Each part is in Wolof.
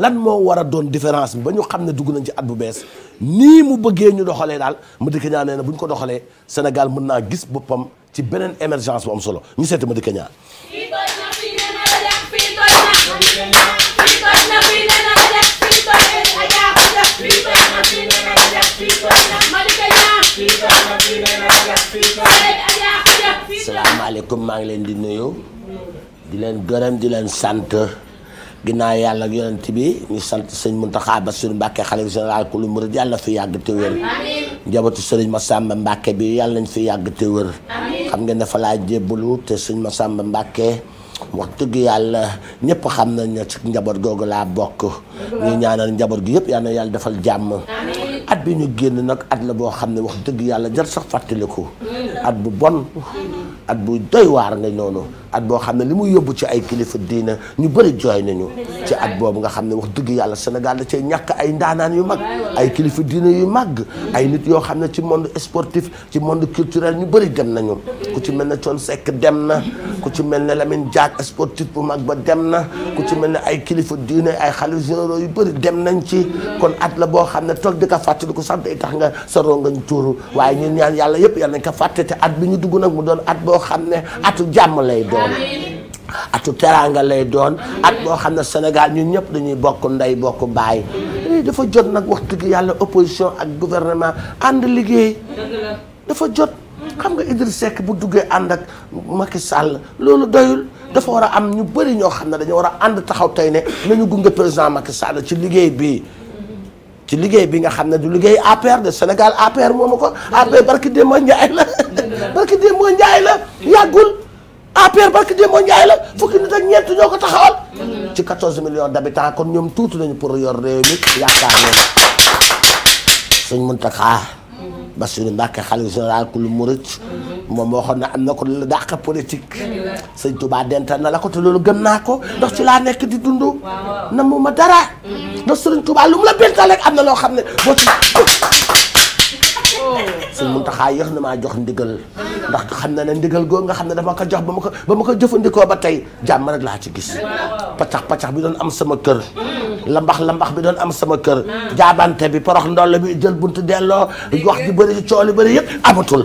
lan moo war a doon différence bi ba ñu xam ne dugg nañ ci at bu bees nii mu bëggee ñu doxalee daal Madické Niang nee na bu ñu ko doxalee Sénégal mën naa gis boppam ci beneen émergence bu am solo ñu seeti Madické Niang salaamaaleykum maa ngi leen di nuyu di leen gërëm di leen sant ginnaaw yàlla ak yonent bi ñu sant sëñ Muntaxa Basiru Mbàkke xalifa général ku lu murid yàlla fi yàgg te wér njabootu sëriñ Masamba Mbàkke bi yàlla nañ fi yàgg te xam ngeen dafa laa jébbalu te sëñ Masamba Mbàkke wax dëgg yàlla ñëpp xam nañ ne ci njaboot googu laa bokk ñu ñaanal njaboot gi yëpp yal yàlla defal jàmm at bi ñu génn nag at la boo xam ne wax dëgg yàlla jar sax fàttaliku mm. at bu bon at bu doy waar nga noonu at boo xam ne li muy yóbbu ci ay kilifa diina ñu bëri jooy nañu ci at boobu nga xam ne wax dëgg yàlla Sénégal da cee ñàkk ay ndaanaan yu mag ay kilifa diina yu mag ay nit yoo xam ne ci monde sportif ci monde culturel ñu bëri dem nañu ku ci mel ne Thione Seck dem na ku ci mel ne Lamine Diack sportif bu mag ba dem na ku ci mel ne ay kilifa diina ay xalif généraux yu bëri dem nañ ci kon at la boo xam ne toog di ko fàttaliku sax day tax nga sa rongañ tuuru waaye ñun ñaan yàlla yëpp yàlla nañ ko fàtte te at bi ñu dugg nag mu doon at boo xam ne atu jàmm lay doon doon atu teraanga lay doon at boo xam ne Sénégal ñun ñëpp dañuy bokk ndey bokk baay eh, dafa jot nag wax dëgg yàlla opposition ak gouvernement ànd liggéey dafa jot xam nga Idriss Seck bu duggee ànd ak Macky Sall loolu doyul dafa war a am ñu bëri ñoo xam ne dañoo war a ànd taxaw tey ne nañu gunge président Macky Sall ci liggéey bi ci liggéey bi nga xam ne du liggéey APR de Sénégal APR moomu ko APR barki démb Njaay la barki démb Njaay la yàggul APR barke Demba Ndiaye la fukki nit ak ñeent ñoo ko taxawal. ci 14 millions d'habitants kon ñoom tuuti nañu pour yor réew mi yaakaar mun suñ Mountakha. Bassirou Mbacké xalifa général ku lu murit moom moo xam ne am na ko la dàq politique. sëñ Touba denta na la ko te loolu gën naa ko ndax ci laa nekk di dund. na mu ma dara. ndax sëriñ Touba lu mu la bental rek am na loo xam ne boo ci. sëñ Muntaxa yéex na maa jox ndigal ndax xam na ne ndigal googu nga xam ne dama ko jox ba ma ko ba ma ko jëfandikoo ba tey jàmm rek laa ci gis paccax paccax bi doon am sama kër lambax lambax bi doon am sama kër jaabante bi porox ndoll bi jël buntu delloo jox di bëri coow li bëri yëpp amatul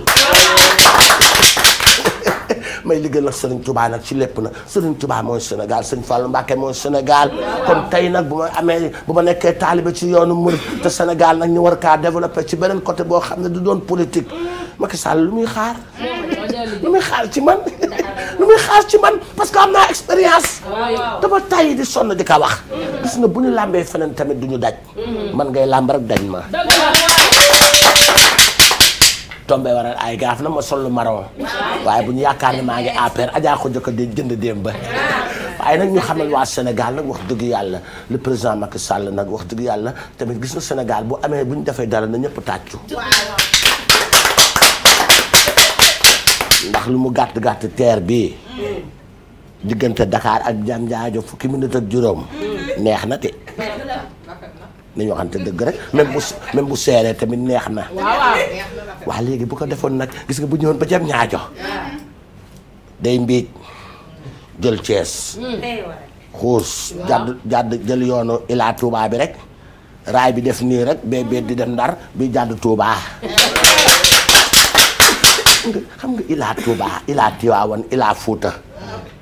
may liggéeyal ak Serigne Touba nag ci lépp nag Serigne tubaa mooy Sénégal Serigne Fallou Mbacké mooy Sénégal kon tey nag bu ma amee bu ma nekkee taalibe ci yoonu murid te Sénégal nag ñu war kaa développé ci beneen côté boo xam ne du doon politique Macky Sall lu muy xaar lu muy xaar ci man lu muy xaar ci man parce que am naa expérience dama tay di sonn di ko wax gis nga bu ñu làmbee feneen tamit du ñu daj man ngay làmb rek dañ ma tombé waral ay gaaf na ma sollu maron waaye bu ñu yaakaar ne maa ngi APR ajaa ko jokka di jënd démb ba waaye nag ñu xamal waa Sénégal nag wax dëgg yàlla le président Macky sàll nag wax dëgg yàlla tamit gis na Sénégal bu amee bu ñu defee dara na ñëpp tàccu ndax lu mu gàtt gàtt teer bii diggante dakaar ak Jam Jaajo fukki minute ak juróom neex na te nañu waxante dëgg rek même bu même bu seeree tamit neex na waa léegi bu ko defoon nag gis nga bu ñëwoon ba jam ñaajo day mbiij jël Cees xuus jàdd jàdd jël yoonu ilaa Touba bi rek raay bi def nii rek bee bee di dem Ndar bi jàdd tuubaa xam nga ilaa Touba ilaa Tiwaawan ilaa Fuuta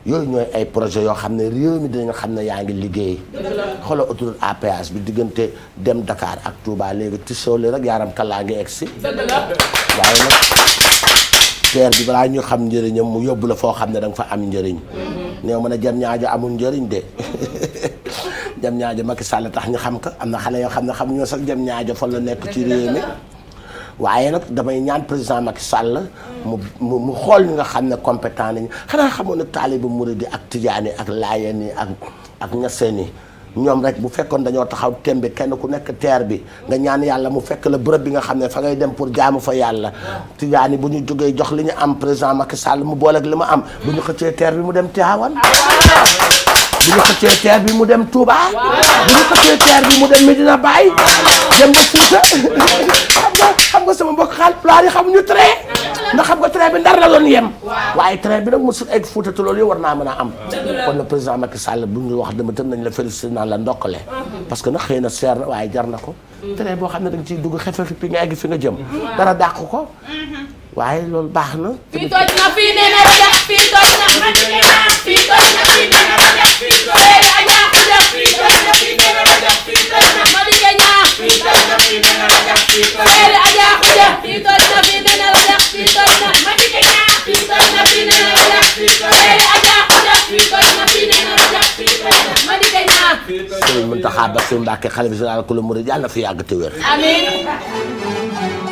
yooyu ñooy ay projet yoo xam ne réew mi dinañ xam ne yaa ngi liggéey xoolal autoroute à bi diggante dem dakaar ak Touba léegi tisoo li rek yaaram kalaa ngi egg si waaye nag teer bi balaa ñu xam njëriñam mu yóbbu la foo xam ne da fa am njëriñ mm-hmm. néew mën a jam ñaajo amul njëriñ de jam ñaajo Macky Sall tax ñu xam ko am na xale yoo xam ne xamuñoo sax jam ñaajo fan la nekk ci réew mi waaye nag damay ñaan président Macky Sall. mu mu mu xool ñi nga xam ne compétent nañu xanaa xamoon ne taaliba Mouride ak Tidiane ak Laayeen ak ak Ñaseen ñoom rek bu fekkoon dañoo taxaw tembe kenn ku nekk teer bi nga ñaan yàlla mu fekk la bërëb bi nga xam ne fa ngay dem pour jaamu fa yàlla tijaani bu ñu jógee jox li ñu am président Macky sàll mu booleeg li ma am bu ñu xëccee teer bi mu dem Tivaouane bu ñu xëccee teer bi mu dem Touba bu ñu xëccee teer bi mu dem Medina Baye dem ba Fouta ba sama mbokk xaal pulaar yi xamuñu train ndax xam nga train bi ndar la doon yem waaye train bi nag mosul egg Fuuta te loolu yow war naa mën a am kon le président Macky Sall bu ñu wax dama tam nañ la félicité naan la ndokkale parce que nag xëy na seer na waaye jar na ko train boo xam ne danga ciy dugg xefe fi nga egg fi nga jëm dara dàq ko waaye loolu baax na fii toj na fii nee na fii toj na fii toj na fii toj na fii nee na fii toj na Mountakha Bassirou Mbacké xalifa général ku la murid yàlla na fi yàgg te wér. amiin.